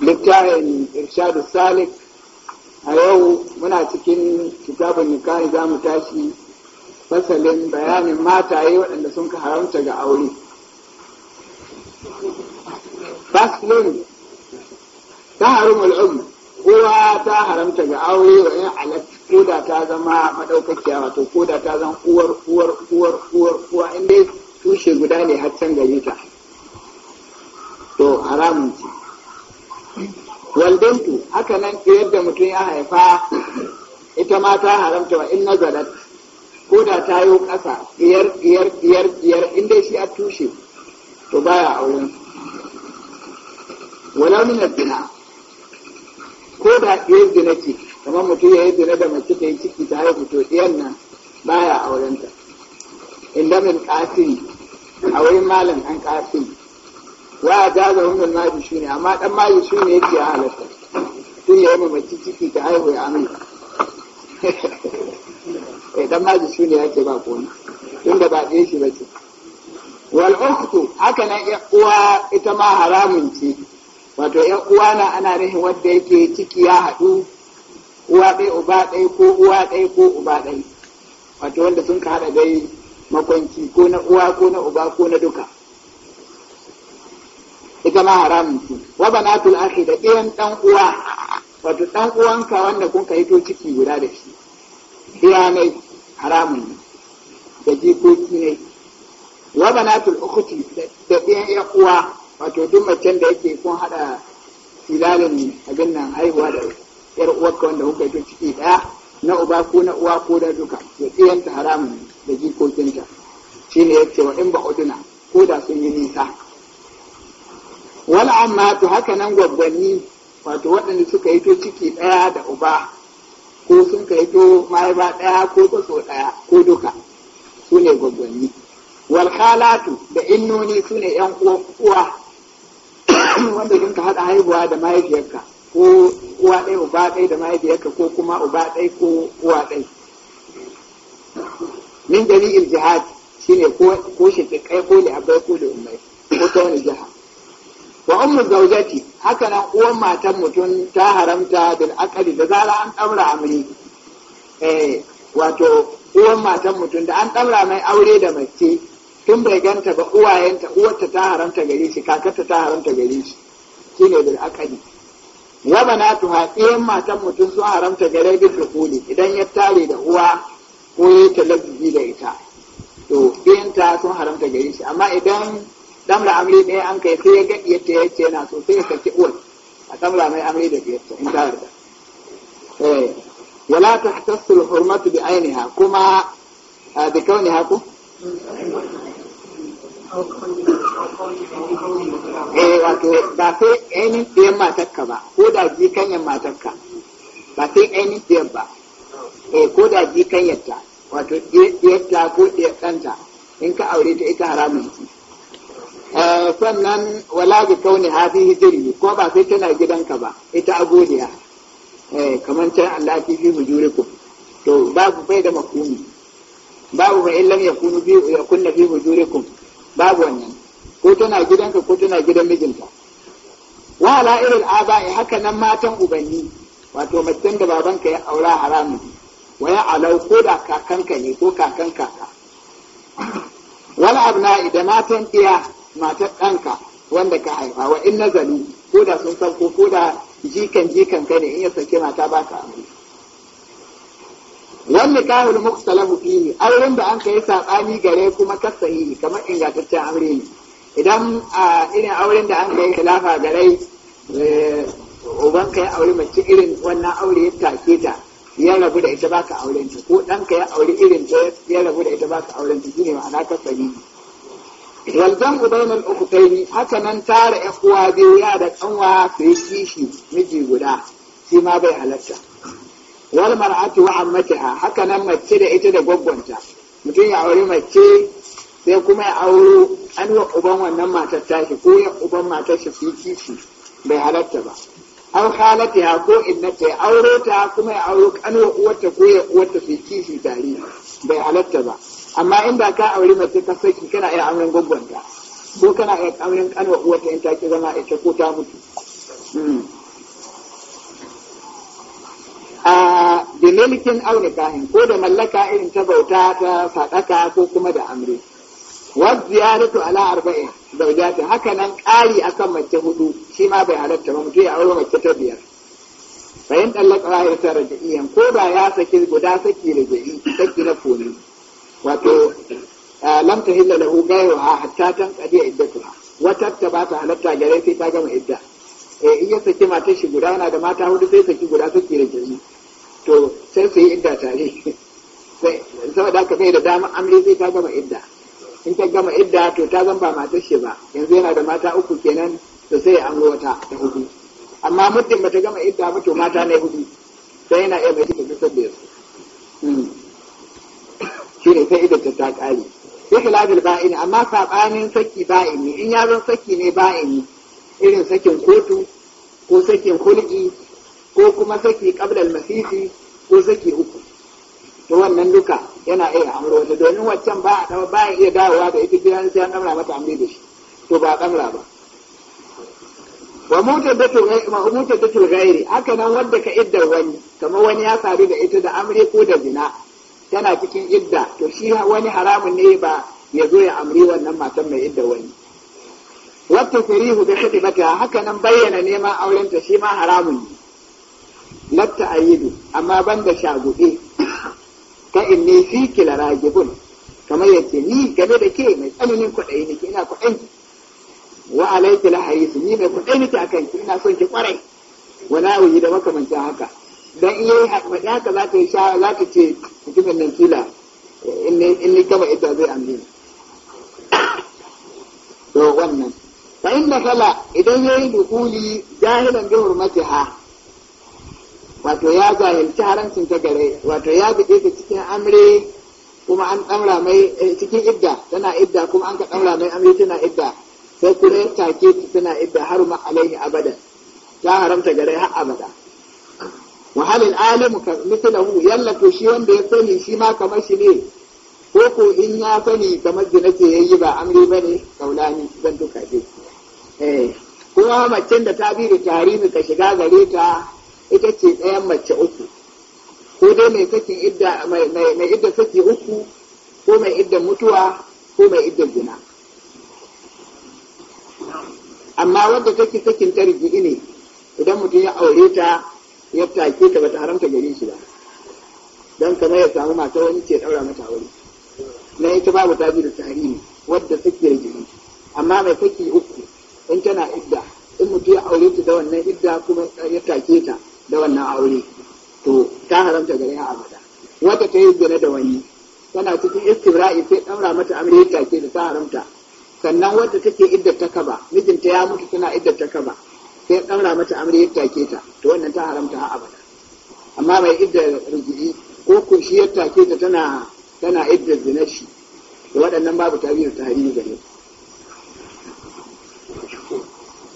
littafin irshadu salik a yau muna cikin kitabun nikahi za mu tashi fasalin bayanin mataye waɗanda sun ka haramta ga aure faslin ta harumul um uwa ta haramta ga aure wa yin ko koda ta zama madaukakiya wato koda ta zama uwar uwar uwar uwar uwa inda tushe guda ne har can gari ta to haramun ce waldantu haka nan yadda mutum ya haifa ita ma ta haramta wa in nazarat ko da ta yi ƙasa ɗiyar ɗiyar ɗiyar ɗiyar inda shi a tushe to baya auren walau min zina ko da ɗiyar zina ce kamar mutum ya yi zina da mace ta yi ciki ta yi to ɗiyar nan baya auren ta inda min ƙasin a wurin malam an ƙasin wa ta ga hundun maji shi ne amma dan maji shi ne yake halatta tun ya yi mace ciki ta haihu ya amina eh dan maji shi ne yake ba kona tun da ba ɗaya shi ba ce wal ukhtu haka nan ya uwa ita ma haramun ce wato ya uwa na ana rahin wanda yake ciki ya haɗu uwa ɗaya uba ɗaya ko uwa ɗaya ko uba ɗaya wato wanda sun ka haɗa dai makwanci ko na uwa ko na uba ko na duka ita ma haramun ce wa banatul ake da ɗayan ɗan uwa wato ɗan uwanka wanda kun ka to ciki guda da shi ɗiyanai haramun ne da jikoki ne wa uku ci da ɗayan ɗan uwa wato duk macen da yake kun haɗa filalin abin nan haihuwa da ƴar uwarka wanda kuka to ciki ɗaya na uba ko na uwa ko da duka da ɗiyanta haramun da jikokinta shine ce wa in ba ko da sun yi nisa wal amma to haka nan gwaggwani wato waɗanda suka hito ciki ɗaya da uba ko sun ka hito mahaifa ɗaya ko kaso ɗaya ko duka su ne gwaggwani wal khalatu da innoni su ne yan uwa wanda kin ka haɗa haihuwa da mahaifiyarka ko uwa ɗaya uba ɗaya da mahaifiyarka ko kuma uba ɗaya ko uwa ɗaya min jami'il jihad shine ko ko shi kai ko li abai ko li ummai ko ta wani jiha wa ummu zawjati haka nan uwan matan mutum ta haramta bil akali da zara an daura amri eh wato uwan matan mutum da an daura mai aure da mace tun bai ganta ba uwayenta uwarta ta haramta gare shi kakarta ta haramta gare shi shine bil akali wa banatu iyan matan mutum su haramta gare da dukuli idan ya tare da uwa ko ya talabbi da ita to biyanta sun haramta gare shi amma idan damla amri ne an kai sai ya ga yadda ya ce yana so sai ya saki uwar a damla mai amri da iyarta in ta yarda eh, wala ta tasul hurmatu bi ainiha kuma ah, bi kauniha ko eh wato ba sai ainihin biyan matakka ba ko da kanyar matakka ba sai ainihin biyan ba eh ko da ta wato ɗiyarta ko ɗiyar ɗanta in ka aure ta ita haramun sannan wala bi kauni hafi hijiri ko ba sai tana gidanka ba ita agodiya eh, kamar can Allah ki fi mujurikum to babu bai da makumi babu mai illam ya kunu bi mu jure ku, mujurikum babu wannan ko tana gidanka ko tana gidan mijinta wa ala irin aba'i haka nan matan ubanni wato macen da babanka ya aura haramun wa ya alau ko da kakanka ne ko kakan kaka wal abna'i da matan iya matar ɗanka wanda ka haifa wa in nazali ko da sun san ko da jikan jikan ka ne in ya sake mata ba ka aure wanda kahul muqtalabu fihi auren da an kai sabani gare kuma kasahi kamar ingantaccen aure ne idan a irin auren da an kai khilafa gare eh, uban ka ya aure mace irin wannan aure ya take ta ya rabu da ita baka aurenta, ko dan ya aure irin ta ya rabu da ita baka aurenta, shine ma'ana kasahi Waldan ubain al hakanan tara ƴan uwa biyu ya da kanwa su kishi miji guda shi ma bai halatta wal mar'atu wa ammatiha Hakanan mace da ita da gwaggwanta mutum ya aure mace sai kuma ya auro an wa uban wannan matar shi, ko ya uban matar shi su kishi bai halatta ba an halata ko innata ya aure ta kuma ya auro an uwarta ko ya uwarta su kishi tare bai halatta ba amma inda ka aure mace ta saki kana iya auren gwaggwanta ko kana iya auren kanwa uwata in ta ki zama ita ko ta mutu hmm. a da aure kahin ko da mallaka irin ta bauta ta sadaka ko kuma da amre wa ziyaratu ala arba'in zaujati haka nan ƙari akan mace hudu shi ma bai halatta ba mutum ya aure mace ta biyar bayan ɗallaka wahiyar ta raja'iyan ko da ya saki guda saki raja'i saki na foli wato eh, lam ta hilla lahu a hatta tan qadi iddatuha wata ta ba ta halatta gare sai ta gama idda eh in ya saki mata shi guda yana da mata hudu sai saki guda saki da jini to sai su yi idda tare sai saboda haka bai da dama amri sai ta gama idda in ta gama idda to ta zan ba shi ba yanzu yana da mata uku kenan to sai ya amro wata da hudu amma muddin bata gama idda ba to mata ne hudu sai yana iya mai ya ƙare sai ba'ini amma saɓanin saki ba'ini in ya zan saki ne ba'ini irin sakin kotu ko sakin hulki ko kuma saki ƙablal masisi ko saki uku to wannan duka yana iya amro wanda domin waccan ba a ba ya iya dawowa da ita gidan sai an ɗamra mata amri da shi to ba a ɗamra ba wa mutaddatul ghairi haka nan wadda ka iddar wani kamar wani ya sadu da ita da amri ko da zina tana cikin idda to shi wani haramun ne ba ya zo ya amri wannan matan mai idda wani wata firihu da shaɗi mata haka nan bayyana neman aurenta shi ma haramun ne latta ayyidu amma ban da shaguɗe ka inni fi kila ragibun kamar yace ni game da ke mai tsananin kwaɗayi nake ina kwaɗayi wa alaiki harisu ni mai kwaɗayi nake akan ki ina son ki kwarai wala wuyi da makamancin haka dan yi yayi haɗa haka za ta yi sha za ka ce mutumin nan kila in ni kama ita zai amini to wannan fa in sala, idan ya yi dukuli jahilan bi ha, wato ya zahilci harancin ta gare wato ya buɗe ta cikin amre kuma an ɗaura mai eh, cikin idda tana idda kuma an ka ɗaura mai amre tana idda sai kuma ya take ta tana idda har ma alaihi abada ta haramta gare har abada wa halil alimu mislahu yalla to shi wanda ya sani shi ma kamar shi ne ko ko in ya sani kamar da nake yayi ba amri bane kaulani zan duka ce eh kuma macen da ta bi da tarihi ka shiga gare ta ita ce ɗayan mace uku ko dai mai sakin idda mai mai idda saki uku ko mai idda mutuwa ko mai idda zina amma wanda take sakin tarihi ne idan mutum ya aure ta ya take ta bata haramta gare shi ba don kamar ya samu mata wani ce daura mata aure na ita babu ta da tarihi wadda da jini amma mai saki uku in tana idda in mutum ya aure ta da wannan idda kuma ya take ta da wannan aure to ta haramta gare ya abada wadda ta yi gane da wani tana cikin istibra'i sai daura mata aure ya take da ta haramta sannan wadda take idda ta kaba mijinta ya mutu tana idda ta kaba sai ya ɗaura mata amri ya take ta to wannan ta haramta a abada amma mai idda rijiji ko ko shi ya take ta tana tana idda zina shi da waɗannan babu tabiyyar tahrimi gare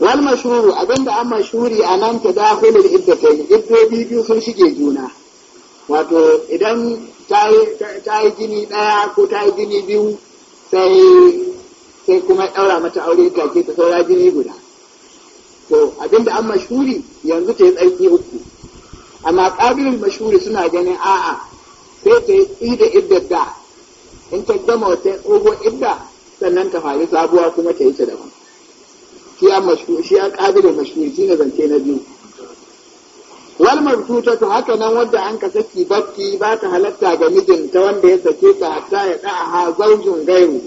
wal mashhuru abinda an mashhuri anan tadakhulul iddatayn iddobi biyu sun shige juna wato idan ta yi gini daya ko ta yi gini biyu sai sai kuma ɗaura mata aure take ta saura gini guda to abinda an mashuri yanzu ta yi tsarki uku amma ƙabilin mashuri suna ganin a'a sai ta yi da idda da in ta gama wata tsoho idda sannan ta faru sabuwa kuma ta yi ta daban shi ya mashuri shi ya ƙabilin mashuri shi ne zance na biyu wal mabtutatu haka nan wanda an ka saki batti ba ta halatta ga mijin ta wanda ya sake ta hatta ya da ha zaujin gairu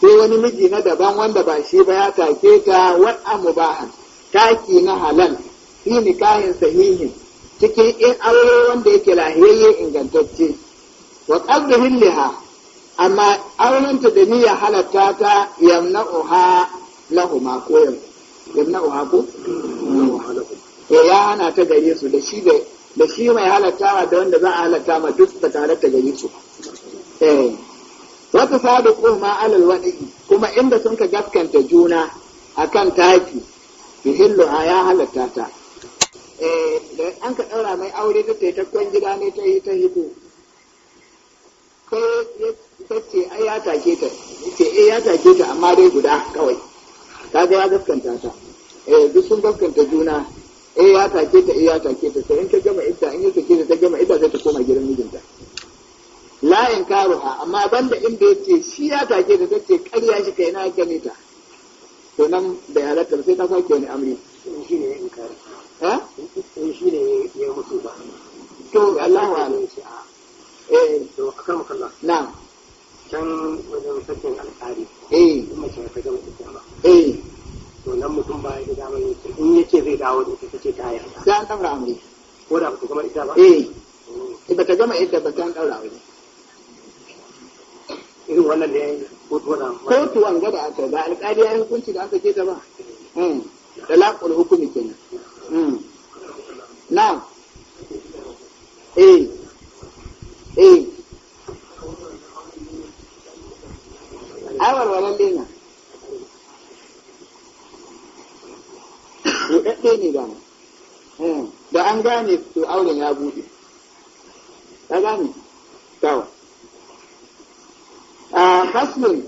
sai wani miji na daban wanda ba shi ba ya take ta waa amubahan taki na halal fi nikahin sahihin cikin in aure wanda yake lahiyayye ingantacce wa qadhihin liha amma aurenta da niyya halatta ta yamna'uha lahuma ko ha ko ya hana ta gare su da shi da shi mai halattawa da wanda za a halatta ma duk ba tare ta gare su eh. wata sadu ma alal wadi kuma inda sun ka gaskanta juna akan taki yuhilluha ya halatta ta eh, da an ka ɗaura mai aure ta ta kwan gida ne ta yi ta hito kai ya tace ai ya take ta ce eh ya take ta amma dai guda kawai ga ya gaskanta ta eh duk sun gaskanta juna eh ya take ta eh ya take ta sai in ta gama ita, in ya take ta ta gama ita sai ta koma gidan mijinta la karuha, amma banda inda yace shi ya take ta tace ƙarya shi kai na gane ta to nan da ya halatta sai ta sauke wani amri shi ne eh, ya ne ya to Allah wa ne shi a eh to na can wajen sakin alƙari eh ta gama ita ba eh. nan mutum ba ya dama ce in yace zai dawo da ita ta yarda sai an amri ko da ba kuma ita ba eh. oh. ba ta gama ita ba ta an irin wannan kotu gada a aka ba alƙali ya hukunci da aka ke ta ba da hmm. laƙul hukumi kenan hmm. na eh eh a walan lena buɗaɗɗe ne ba hmm. da an gane to auren ya buɗe ka gane tawa hasmin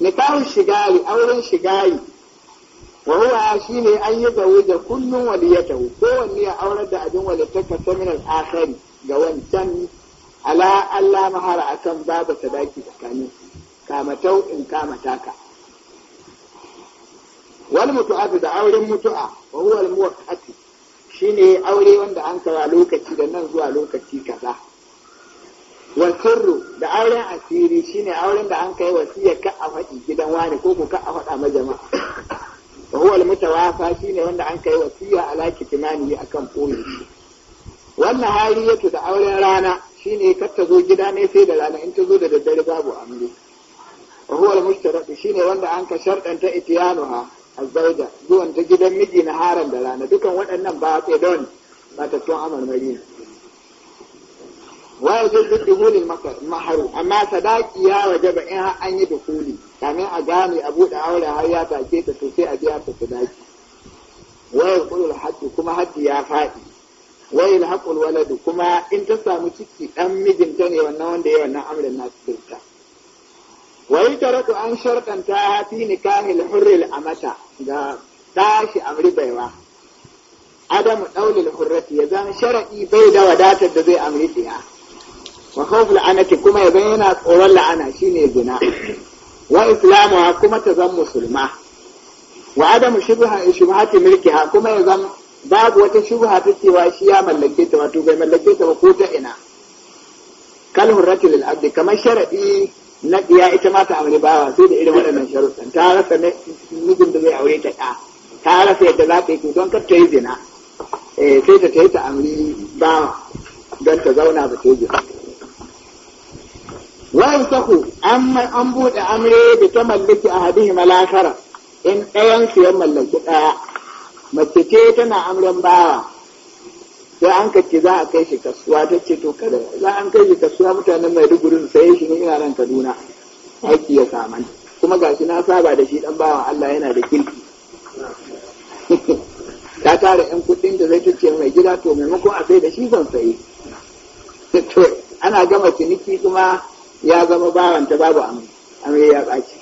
nikahun shigari auren shigari wa huwa ne an yi zawo da kullun waliyatahu kowanne ya aurar da abin wani ta min al ga wancan ala Allah mahara akan babu sadaki tsakanin kamatau in kamata ka wal mutu'a da auren mutu'a wa huwa al muwaqqati shine aure wanda an kawo lokaci da nan zuwa lokaci kaza Wasirru da auren asiri shine auren da an kai wasiya ka a faɗi gidan wani ko ka a faɗa ma jama'a wa huwa almutawafa shine wanda an kai wasiya ala kitimani akan koyi wannan hali yake da auren rana shine katazo ta zo gida ne sai da rana in ta zo da daddare babu amri wa huwa shine wanda an ka sharɗanta itiyanuha azzauja zuwan ta gidan miji na haran da rana dukan waɗannan ba don ba ta tun amal wa yajibu dukhulul maharu amma sadaki ya ba in har an yi dukhuli kamin a gane a buɗe aure har ya take ta to sai a biya ta sadaki wa yaqulul haqqu kuma haqqi ya faɗi wa yalhaqul waladu kuma in ta samu ciki ɗan mijinta ne wannan wanda ya wannan amrin na cikinta wa yutaratu an shartanta fi nikahil hurril amata ga tashi amri baiwa Adamu daulil hurrati ya zama shar'i bai da wadatar da zai amri ɗaya wa khawf la'anati kuma ya yana tsoron la'ana shine zina wa islamu kuma ta zan musulma wa adamu shubha shubhati ha, kuma ya zan babu wata shubha ta cewa shi ya mallake ta wato bai mallake ta ba ko ta ina kal hurrati lil abdi kamar sharadi na diya ita ma ta amri bawa sai da irin waɗannan sharuɗan ta rasa mijin da zai aure ta ɗa ta rasa yadda za ta yi don kar ta yi zina eh, sai ta ta yi ta amri bawa don ta zauna ba ta yi zina wa yusaku amma an bude amre bi tamalliki ahadihi malakara in ɗayan su ya mallaki ɗaya mace ce tana amren bawa sai an kace za a kai shi kasuwa ta ce to kada za an kai shi kasuwa mutanen Maiduguri su sai shi ne yaran Kaduna aiki ya saman kuma gashi na saba da shi dan bawa Allah yana da kirki ta tara yan kuɗin da zai tace mai gida to maimakon a sai da shi zan sayi to ana gama ciniki kuma ya zama baranta babu amri ya ɓaci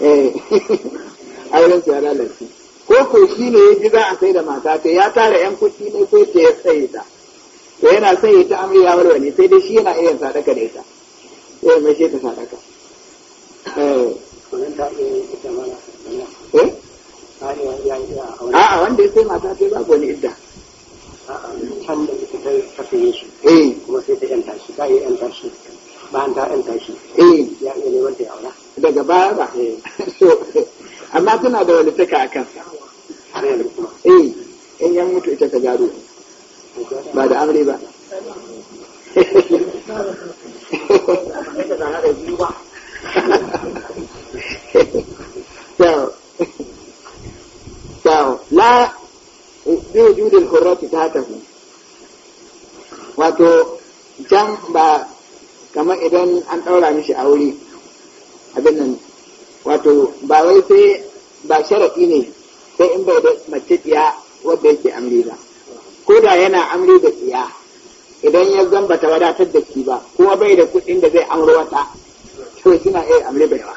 eh auren ya lalace ko ko shi ne ya ji za a sai da mata ta ya tara yan kuɗi ne ko ta ya sai ta to yana sai ta amri ya warware sai dai shi yana iya sadaka da ita sai eh, mai shi ta sadaka eh, eh? a'a wanda ya sai mata ta babu wani idda can da ita ta shi eh. kuma sai ta yanta shi ta yi yanta shi bayan ta yanta shi eh. ya iya neman ta daga baya ba eh. amma tana da wani taka akan. Eh. in yan mutu ita ta gado ba da amri ba la zai judin kurrati ta tafi wato can ba kamar idan an ɗaura mishi wuri, abin nan wato ba wai sai ba sharaɗi ne sai in bai da mace tsiya wadda yake amri ba ko da yana amri da tsiya idan ya zan bata wadatar da shi ba kuma bai da kuɗin da zai amro wata to suna iya amri bai ba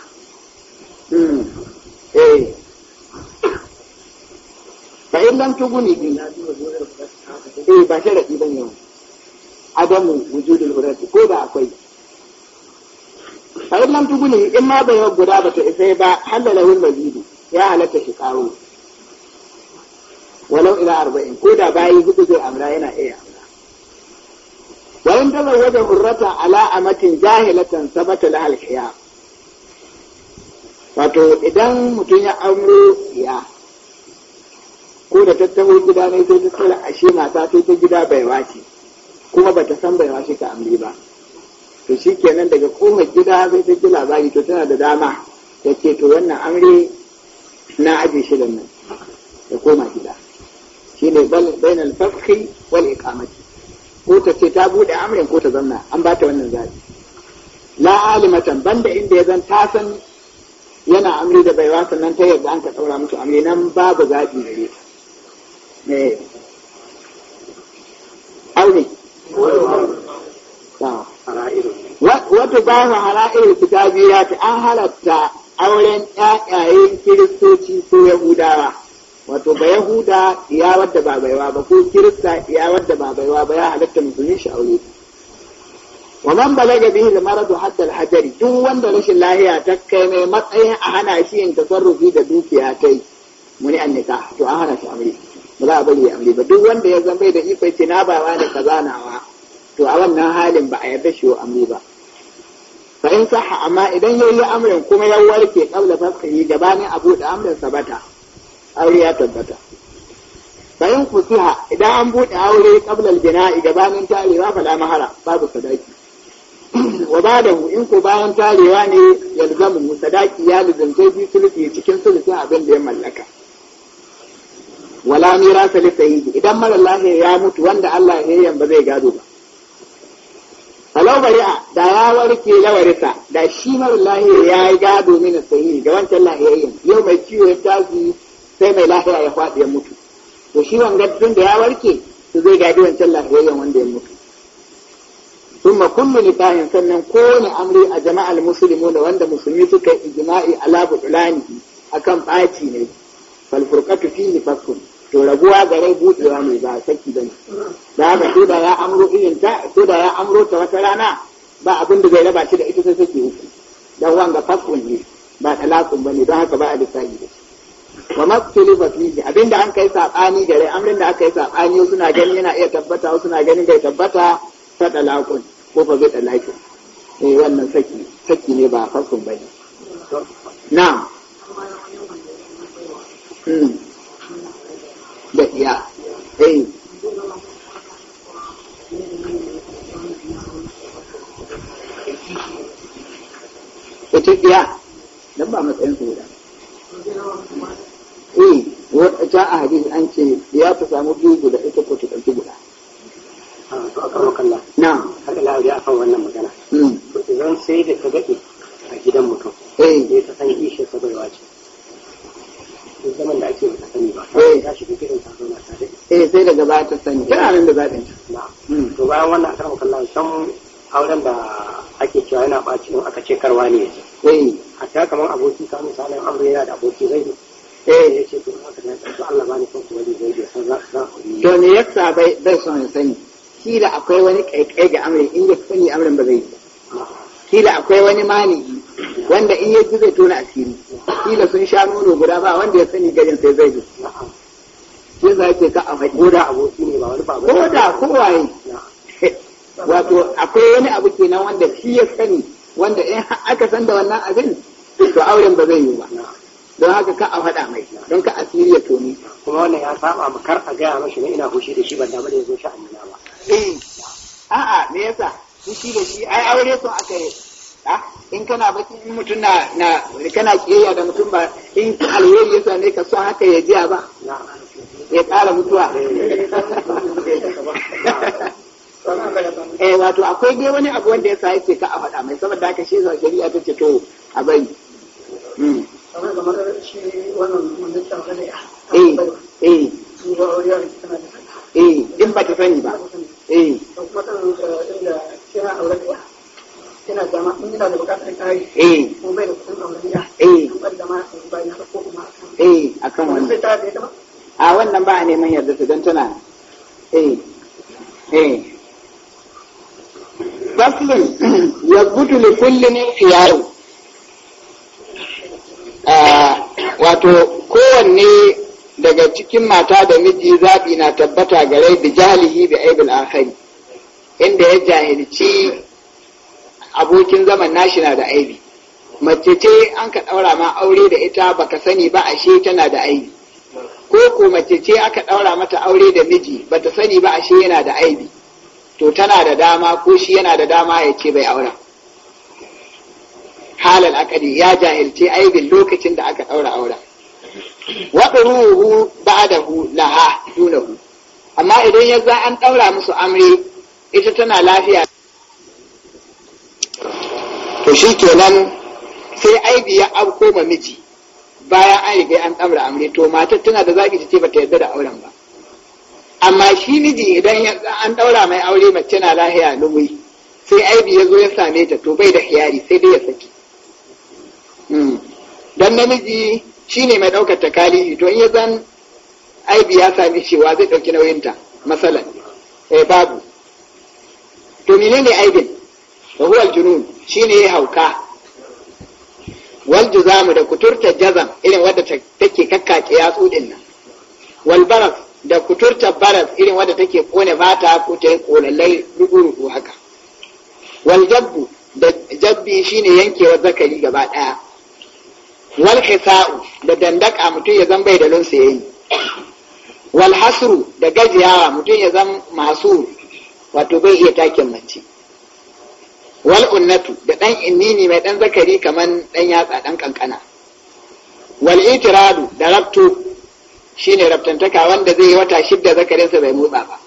ba in lam tuguni bi eh ba sharaɗi ba bane adamu wujudul hurati ko da akwai fa in lam tuguni in ma bai guda ba ta isai ba halala wal mazidu ya halatta shi karo walau ila arba'in ko da bayi hudu zai amra yana iya amra wa in tazawwaja hurrata ala amatin jahilatan sabata la al wato idan mutum ya auri ya ko da tattaho gida ne sai ta ashe mata sai ta gida baiwa ce kuma bata san baiwa shi ta amri ba to shi kenan daga koma gida zai ta ji labari to tana da dama ya ce to wannan amri na aji shi da nan ya koma gida shi ne bainal fafki wal iqamati ko ta ce ta bude amrin ko ta zanna an ba ta wannan zabi la alimatan banda inda ya zan ta san yana amri da baiwa sannan ta yadda an ka daura musu amri nan babu zabi da ne eh. ne aure wata bahu hara'ir kitabiya ta an halatta auren ƴaƴayen kiristoci ko yahudawa wato ba yahuda ya wadda ba baiwa ba ko kirista ya wadda ba baiwa ba ya halatta musulmi shi aure wa man balaga bihi da maradu hatta al-hajari duk wanda rashin lahiya ta kai mai matsayin a hana shi yin tasarrufi da dukiya kai muni an nika to an hana shi amri ba za a bari amri ba duk wanda ya zama da ikon ce na bawa da kazanawa to a wannan halin ba a yarda shi wa amri ba fa in saha amma idan yayi amrin kuma ya warke qabla fasqi gabanin abu da amrin sabata aure ya tabbata fa in futiha idan an bude aure qabla al-bina'i gabanin tarewa fala mahara babu sadaki wa badahu in ko bayan tarewa ne yalzamu sadaki ya lizanta fi sulfi cikin sulfi abin da ya mallaka wala mirasa li idan mara ya mutu wanda Allah ya yamba zai gado ba falau bari'a da ya warke lawarisa da shi mara ya yi gado mini sahihi ga wancan lahiyayyen yau mai ciwo ya tashi sai mai lahiya ya faɗi ya mutu to shi wanga tun da ya warke su zai gadi wancan lahiyayyen wanda ya mutu ثم كل نكاح sannan kowane amri a Jama'ar musulmi da wanda musulmi suka a Labu budulani akan ɓaci ne Falfurkatu furqatu fihi to raguwa ga rai buɗewa mai ba saki ba ne da haka sai da ya amro irin ta sai da ya amro ta wata rana ba abin da zai raba shi da ita sai saki uku dan wanga fakun ne ba talakun bane don haka ba a lissafi ba wa wa ba fa fihi abinda an kai sabani rai amrin da aka yi sabani suna ganin yana iya tabbata wasu na ganin bai tabbata ta talakun ko fa bai talakin eh wannan saki saki ne ba fakun bane na'am hmm. da iya eh ta iya dan ba matsayin su eh wata ta a hadisi an ce ya ta samu biyu guda ita ko ta ɗauki guda ah, na haka la'ari akan wannan magana zan hmm. sai da ka gaɗe auren da ake cewa yana ɓaci in aka ce karwa ne yace eh. a ta kamar aboki ka an aure yana da aboki zai ne eh ya ce to aka ce to Allah ba ni son kuma wani zai ne san za ku to me yasa bai bai son ya sani kila akwai wani kaikai ga amrin in ya sani amrin ba zai yi kila akwai wani mani wanda in ya ji zai tona asiri kila sun sha nono guda ba wanda ya sani garin sai zai ji shi za ke ka a faɗi ko da aboki ne ba wani ba ko da waye. wato akwai wani abu kenan wanda shi ya sani wanda in aka san da wannan abin to auren ba zai yi ba don haka ka a faɗa mai don ka asiri ya toni kuma wannan ya saba mu kar a gaya mashi ne ina fushi da shi ban damu da ya zo shi amina ba eh a'a me yasa fushi da shi ai aure so aka yi ah, in kana baki in mutum na na kana kiyayya da mutum ba in alwayi ya same ka so haka ya jiya ba ya ƙara mutuwa eh. eh wato akwai dai wani abu wanda ya sa yake ka a faɗa mai saboda haka shi zai shari'a ta ce to a bari eh in ba ta sani ba eh eh, eh. wannan eh, a wannan ba a neman yarda ta don tana eh eh faslun ya gudu li kullin ah, wato kowanne daga cikin mata da miji zaɓi na tabbata gare da jahilihi da aibul akhari inda ya jahilci abokin zaman nashi na da aibi mace ce an ka ɗaura ma aure da ita baka sani ba ashe tana da aibi ko ko mace ce aka ɗaura mata aure da miji bata sani ba ashe yana da aibi to tana da dama ko shi yana da dama ya ce bai aura halal akadi ya jahilce aibin lokacin da aka daura aura waɗuruhu ba'dahu laha dunahu amma idan ya za an daura musu amri ita tana lafiya to shi kenan sai aibi ya abko ma miji bayan an riga an daura amri to matar tana da zaki ce ba ta yarda da auren ba amma shi miji idan an ɗaura mai aure mace na lahiya lumui sai aibi ya zo ya same ta to bai da hiyari sai dai ya saki hmm. don namiji shi ne mai ɗaukar takalifi to in ya zan aibi ya sami cewa zai ɗauki nauyinta masalan eh babu to ne aibin wa huwa junun ne ya hauka wal juzamu da kuturta jazam irin wadda take kakkace yatsu din nan wal baras. da kuturtar baras irin wadda take kone fata ko ta yi konallai rugu haka wal jabbu da jabbi shine yankewar zakari gaba daya wal hisa'u da dandaka mutum ya zan bai da lunsa yayi wal hasru da gajiyawa mutum ya zan masu wato bai iya takin mace wal unnatu da dan innini mai dan zakari kamar dan yatsa dan kankana wal itiradu da rakto shine rabtantaka wanda zai wata shidda zakarinsa bai motsa ba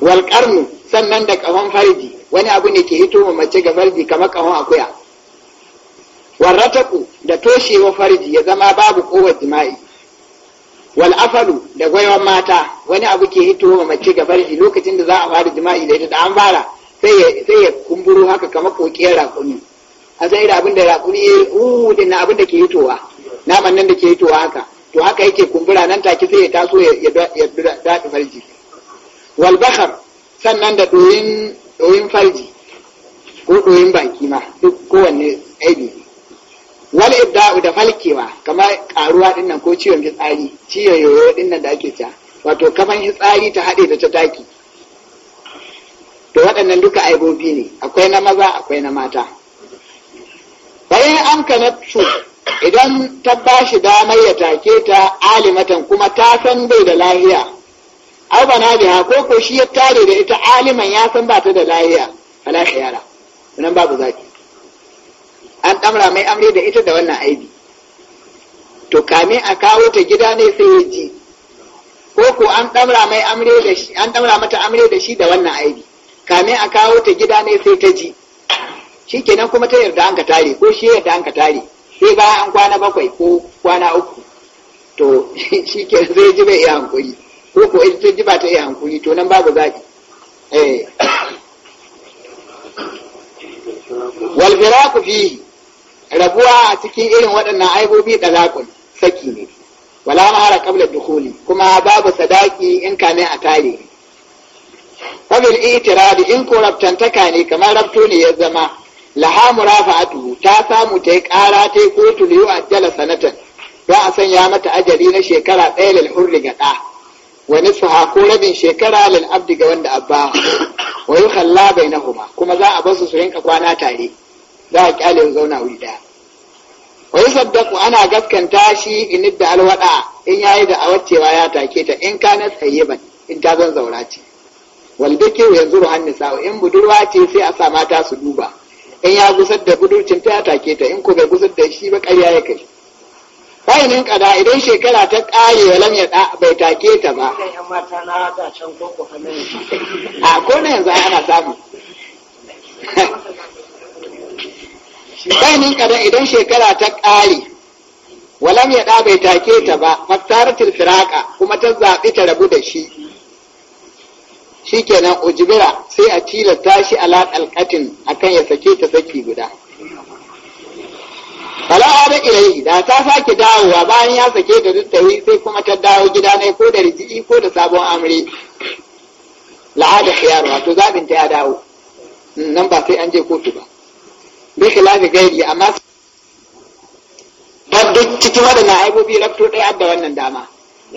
Walƙarnu sannan da ƙahon farji wani abu ne ke hito ma mace ga farji kamar ƙahon akuya warrataku da toshewa farji ya zama babu kowar jima'i wal'afalu da gwaiwar mata wani abu ke hito ma mace ga farji lokacin da za a fara jima'i da ita da an fara sai ya kumburu haka kamar kokiyar raƙumi A san irin abin da raƙumi ya yi na abin da ke hitowa naman nan da ke hitowa haka to haka yake kumbura nan take sai ya taso ya daɗi farji walbahar sannan da ɗoyin farji ko ɗoyin baki ma duk kowanne aibi wal ibda'u da falkewa kamar karuwa dinnan ko ciwon fitsari ciwon yoyo dinnan da ake ta wato kafan fitsari ta haɗe da ta taki to waɗannan duka aibobi ne akwai na maza akwai na mata bayan an kana idan ta ba shi damar ya take ta alimatan kuma ta san bai da lahiya ba na biya ko ko shi ya tare da ita aliman ya san ba ta da lahiya ala khayara nan babu zaki an damra mai amri da ita da wannan aibi to kame a kawo ta gida ne sai ya ji ko ko an damra mai amri da shi an damra mata amri da shi da wannan aibi kame a kawo ta gida ne sai ta ji shikenan kuma ta yarda an ka tare ko shi ya yarda an ka tare sai ba an kwana bakwai ko kwana uku to shi ke zai ji bai iya hankuri ko ko in ta ji ba ta iya hankuri to nan babu zaki eh wal firaku fihi rabuwa a cikin irin waɗannan aibobi zakun saki ne wala mahara qabla dukhuli kuma babu sadaki in ka ne a tare fabil itiradi in ko rabtantaka ne kamar rabto ne ya zama laha murafa'atu ta samu ta yi ƙara ta yi kotu liyu ajjala sanatan za a sanya mata ajali na shekara ɗaya lil hurri ga ɗa Wani su ko rabin shekara lil abdi ga wanda abba wa yukhalla bainahuma kuma za a basu su yanka kwana tare za a kyale su zauna wuri ɗaya wa yusaddaqu ana gaskanta shi in da alwada in yayi da cewa ya take ta in tsaye ban in ta zan zaura ce wal yanzu ruhan nisa'u in budurwa ce sai a sa mata su duba in ya gusar da budurcin ta take ta in ko bai gusar da shi ba ƙarya ya kai bayanin kada idan shekara ta ƙare ya lam ya bai take ta ba a ko na yanzu ana samu bayanin kada idan shekara ta ƙare walam ya bai take ta ba fattaratul firaka kuma ta zaɓi ta rabu da shi shikenan ujbira sai a tilasta shi ala alqatin akan ya sake ta saki guda fala abi ilayhi da ta sake dawowa bayan ya sake ta dutsayi sai kuma ta dawo gida ne ko da riji ko da sabon amri. la'ada khiyar wato zabin ta ya dawo nan ba sai an je kotu ba bi khilafi gairi amma duk cikin waɗannan aibobi rabto ɗaya da wannan dama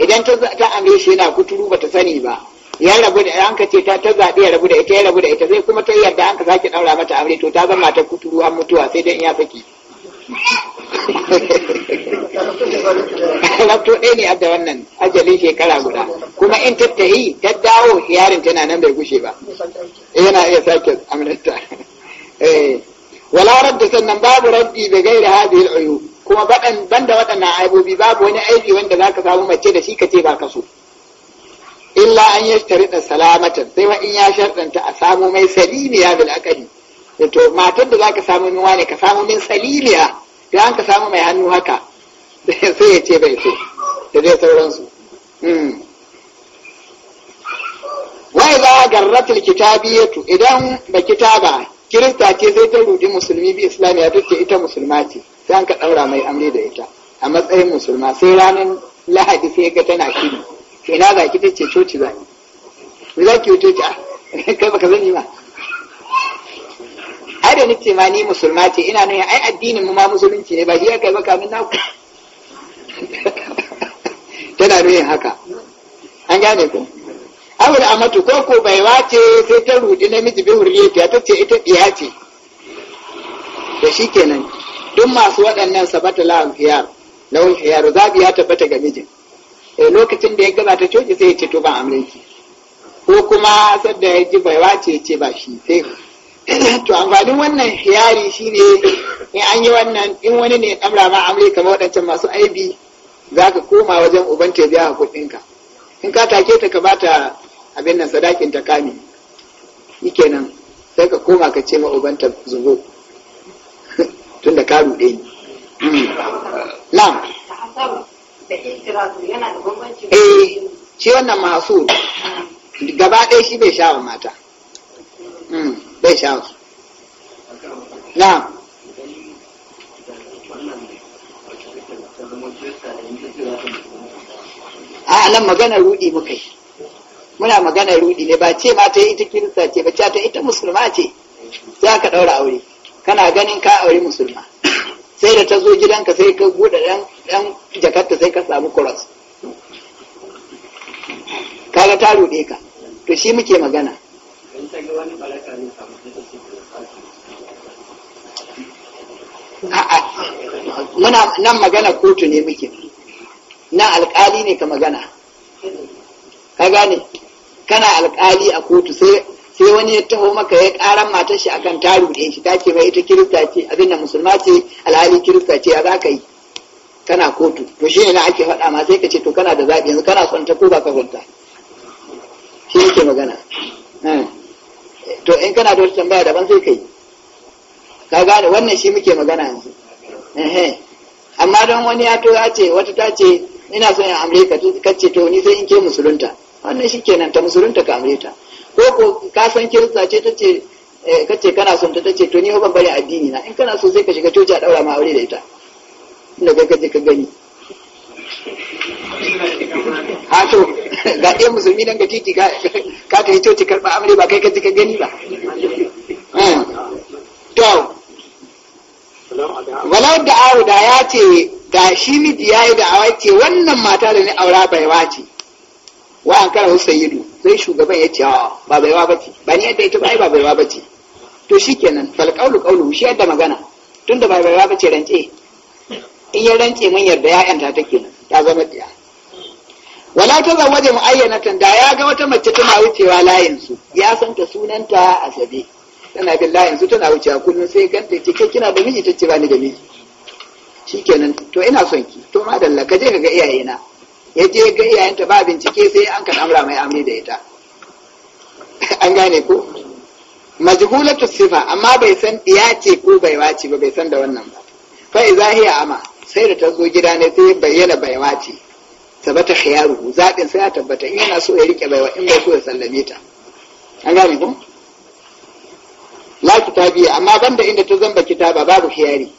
idan ta amre shi yana kuturu bata sani ba ya rabu da an ka ce ta ta zaɓi ya rabu da ita ya rabu da ita sai kuma ta yarda an ka sake ɗaura mata aure to ta zama ta kuturu an mutuwa sai dai in ya saki rabto ɗaya ne adda wannan ajalin shekara guda kuma in tattahi ta dawo yarin tana nan bai gushe ba eh, yana iya sake amurta eh, wala da sannan babu raddi bai gaira ya al kuma ban banda waɗannan aibobi babu wani aiki wanda zaka samu mace da shi ka ce ba ka so illa an yi tarina salamatan sai wa in ya sharɗanta a samu mai salimiya bil akali to matar da zaka samu min wane ka samu min salimiya da an ka samu mai hannu haka sai ya ce bai so da dai sauransu hmm. wai za garratul kitabiyatu idan ba kitaba kirista ce sai ta rudi musulmi bi islamiya duk ce ita musulma ce sai an ka daura mai amri da ita a matsayin musulma sai ranar lahadi sai ga tana kiri kai ina za ki ta ce coci ba? ne me za ki yi coci a ah, kai baka yi ba ai da nake ma ni musulma ce ina nuna ai addinin mu ma musulunci ne ba shi ya kai baka min naku tana nuna haka an gane ko awul amatu ko ko bai wace sai ta rudi namiji bi hurriyata ta ce ita ɗiya ce da shi kenan duk masu waɗannan sabata lahul khiyar lahul khiyar zabi ya tabbata ga mijin Eh, lokacin da ya gaza ta coci sai ya ce to ban amrinki ko kuma sadda ya ji bai wace ce ba shi sai to amfanin wannan hiyari shine in an yi wannan in wani ne ɗamra ma amri kamar waɗancan masu aibi za ka koma wajen uban ta biya kuɗinka in ka take ta ka bata abin nan sadakin ta kame nan sai ka koma ka ce ma uban ta zubo tun ka ruɗe ni hmm. na'am eh shi wannan masu gaba ɗaya shi bai shawa mata hmm, bai shawa su na a nan magana rudi muka yi muna magana rudi ne ba ce mata ita kirista ce ba ce ta ita musulma ce za ka ɗaura aure kana ganin ka aure musulma sai da ta zo gidanka sai ka buɗe ɗan jakarta sai ka samu cross kaga ta ruɗe ka to shi muke magana muna nan magana kotu ne muke nan alƙali ne ka magana ka gane kana alƙali a kotu sai sai wani ya taho maka ya karan matar shi akan taru da shi ta ce mai ita kirista ce abin da musulma ce alhali kirista ce ya za ka yi kana kotu to shi ne na ake faɗa ma sai ka ce to kana da zaɓi yanzu kana son ta ko ba ka son shi yake magana hmm. to in kana da wata tambaya daban sai ka yi ka gane wannan shi muke magana yanzu amma don wani ya to ya ce wata ta ce ina son in amurka ka ce to ni sai in ke musulunta wannan shi kenan ta musulunta ka amurka ko ko ka san kirista ce ta ce eh, kace kana son ta ce to ni ban bari addini na in kana so sai ka shiga coci a daura ma aure da ita inda kai kaje ka gani ha to ga ɗaya musulmi nan ga titi ka ta yi coci karɓa amre ba kai ka ji ka gani ba hmm. to walau da awo da ya ce da shi miji ya yi da awa ce wannan mata da ni aura bai wace. wa an kana sayyidu sai shugaban ya ce ba baiwa bace ba ni yadda ita ba ba baiwa bace to shi fal qawlu qawlu shi yadda magana tunda ba baiwa bace rance in ya rance mun yarda ya'yan ta take ta zama tiya wala ta zama waje mu'ayyanatan da ya ga wata mace tana wucewa layin su ya san ta sunanta asabe tana bin layin su tana wucewa kullum sai ganta ce kai kina da miji tace ba ni da miji shikenan to ina son ki to madalla ka je ka ga iyayena ya je ga iyayenta ba bincike sai an kan amra mai amri da ita an gane ko majhulatu sifa amma bai san diya ce ko bai wace ba bai san da wannan ba fa idza hiya ama sai da ta zo gida ne sai bayyana bai wace tabbata khiyaruhu zabin sai ya tabbata in yana so ya rike baiwa in bai so ya sallame ta an gane ko la kitabiya amma banda inda ta zamba kitaba babu khiyari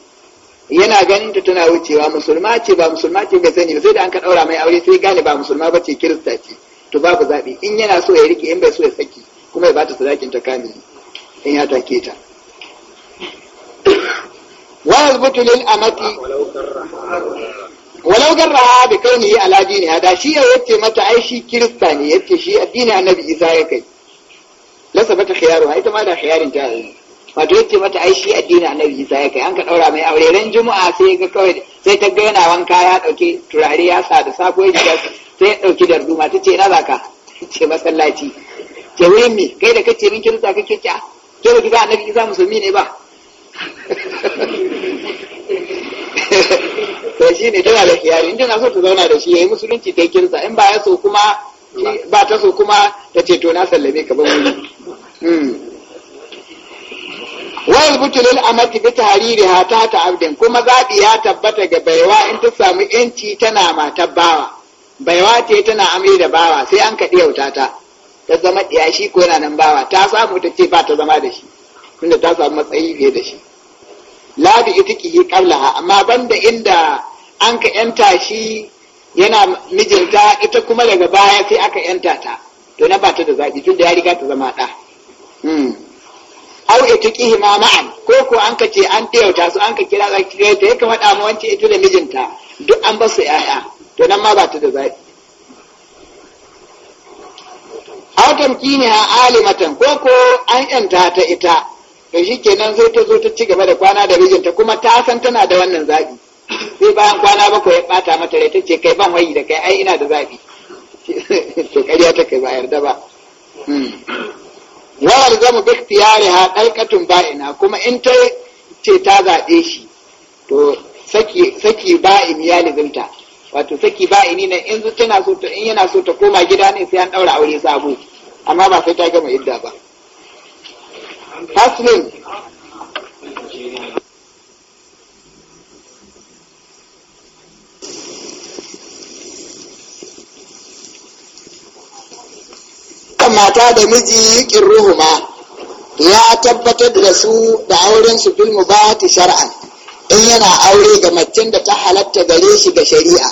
yana ganin ta tana wucewa musulma ce ba musulma ce bai sani ba sai da an ka daura mai aure sai gane ba musulma ba ce kirista ce to babu zaɓi in yana so ya rike in bai so ya saki kuma ya bata sadakin ta kamili in ya take ta wa yazbutu lil amati law garra bi kaunihi ala dini hada shi ya yace mata ai shi kirista ne yace shi addini annabi isa ya kai la sabata khiyaru ita ma da khiyarin ta yi wato yake mata ai shi addini annabi Isa ya kai an ka daura mai aure ran juma'a sai ga kawai sai ta ga yana wanka ya dauke turare ya sa da ya jiya sai ya dauki darduma tace ina zaka ce masallaci ce wurin me kai da kace min kirista kake kya ke ba kiga annabi Isa musulmi ne ba to shi ne tana da iyali in na so ta zauna da shi yayi musulunci ta kirista in ba ya so kuma ba ta so kuma ta ce to na sallame ka ba mu hmm. wal butul a mati bi tahriri ta ta abdin kuma zaɓi ya tabbata ga baiwa in ta samu yanci tana matar bawa baiwa ce tana amri da bawa sai an kaɗi yauta ta ta zama diya shi ko yana nan bawa ta samu ta ce ba ta zama da shi tunda ta samu matsayi fiye da shi labi yi qablaha amma banda inda an ka yanta shi yana mijinta ita kuma daga baya sai aka yanta ta to na ba ta da zaɓi tunda ya riga ta zama ɗa hmm. tuqihi ma na'am ko ko an kace an tayauta su an ka kira za ki ta yake faɗa mu wance ita da mijinta duk an ba su yaya to nan ma ba ta da zaɓi kini ha alimatan ko ko an yanta ta ita to shikenan sai ta zo ta ci gaba da kwana da mijinta kuma ta san tana da wannan zaɓi sai bayan kwana bakwai ya bata mata rai tace kai ban wayi da kai ai ina da zaɓi to kariya ta kai ba yarda ba hmm. wayar zama biktiyari ikhtiyari ha ɗalƙatun ba'ina kuma in ta ce ta zaɓe shi to saki ba'in ya lizinta wato saki ba'ini ne in tana so ta in yana so ta koma gida ne sai an ɗaura aure sabo amma ba sai ta gama idda ba faslin dukkan mata da miji kirruhuma ya tabbatar da su da auren su bil mubahati shar'an in yana aure ga macen da ta halatta gare shi ga shari'a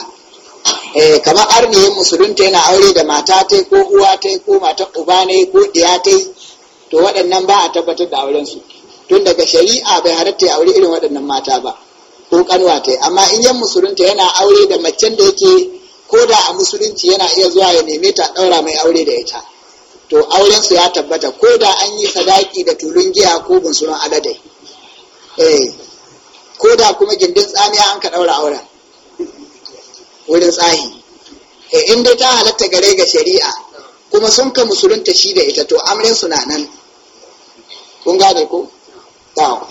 eh kamar arniyin musulunta yana aure da mata ta ko uwa ta ko mata uba ne ko diya ta to waɗannan ba a tabbatar da auren su tun daga shari'a bai halatta ya aure irin waɗannan mata ba ko kanwa ta amma in yan musulunta yana aure da macen da yake ko da a musulunci yana iya zuwa ya neme ta ɗaura mai aure da ita to auren su ya tabbata ko da an yi sadaki da tulun giya ko bunsuran aladai eh ko da kuma gindin tsamiya an ka daura auren wurin tsahi eh in dai ta halatta gare ga shari'a kuma sun ka musulunta shi da ita to amrin su na nan kun gane ko ta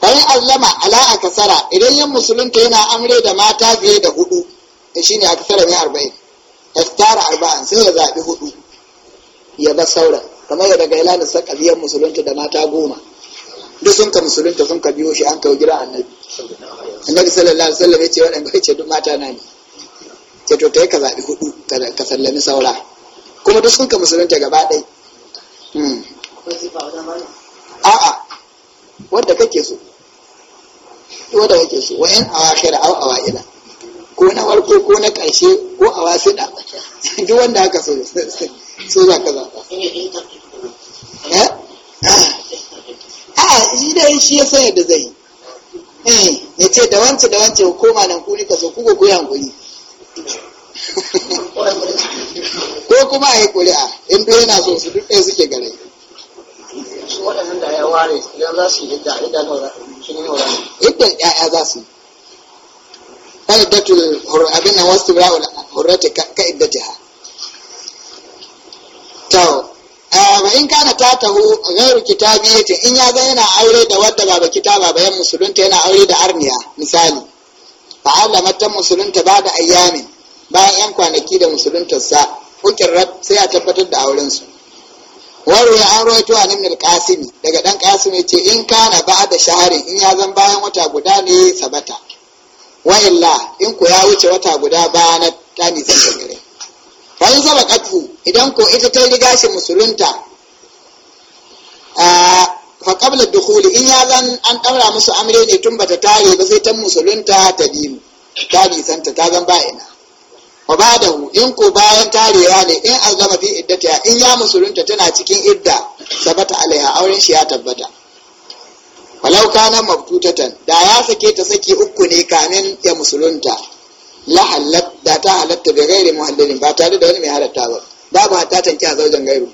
bayan allama ala akasara idan yan musulunta yana amre da mata fiye da hudu shine akasara ne arba'in ikhtara arba'an sai ya zaɓi hudu ya bar sauran kamar yadda ga ilanin sakabiyar musulunci da mata goma duk sun ka musulunci sun ka biyo shi an kawo gira annabi annabi sallallahu alaihi wasallam ya ce waɗanda ya ce duk mata na ne ce to kai ka zaɓi hudu ka sallami saura kuma duk sun ka musulunci gaba ɗai hmm. a'a wadda kake so wadda kake so wayan awakhira aw awaila ko na farko ko na ƙarshe ko a wasiɗa duk wanda haka so so za ka zaɓa eh? a ah, shi da shi ya san yadda zai eh, ya ce da wance da wance ko malam kuri ka so kuka ko kuri ko kuma a yi ƙuri'a in duk yana so su duk ɗaya suke gare su da ya ware idan za su yi da ya'ya za su yi fa iddatul abin nan wasu ra'ul hurrati ka iddatiha to ba in kana tatahu ghairu kitabiyatin in ya ga yana aure da wadda baba kitaba 'yan musulunta yana aure da arniya misali fa alamatan musulunta ba da ayyamin bayan yan kwanaki da musuluntarsa hukin sai a tabbatar da aurensu waro ya an rawaito an ibn al daga dan qasim yace in kana ba da shaharin in ya zan bayan wata guda ne sabata wa illa in ku ya wuce wata guda ba na tani zan gare fa in saba idan ko ita ta riga shi musulunta ah, fa qabla dukhuli in ya zan an daura musu amre ne tun bata tare ba sai ta musulunta ta mu ta nisanta ta zan ba ina wa ba'dahu in ko bayan tarewa ne in azama fi iddata in ya musulunta tana cikin idda sabata alaiha auren shi ya tabbata walau kana mabtutatan da ya sake ta sake uku ne kamin ya musulunta la halat da ta halatta da gairi muhallalin ba tare da wani mai halatta ba da ba ta tanki a zaujan gairu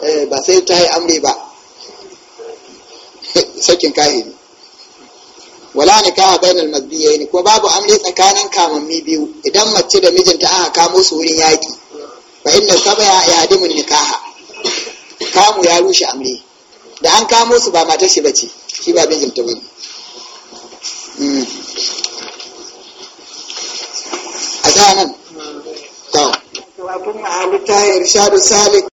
eh, ba sai ta yi amri ba sakin kahiri wala bayan bainal ne. ko babu amri tsakanin kamammi biyu idan mace da mijinta aka kamo su wurin yaki fa inna sabaya ya hadimun nikaha kamu ya rushe amri da an kamo su ba matar shi bace shi ba bijinta ba hmm. a sa nan hmm. to. Kafin ya irshadu salik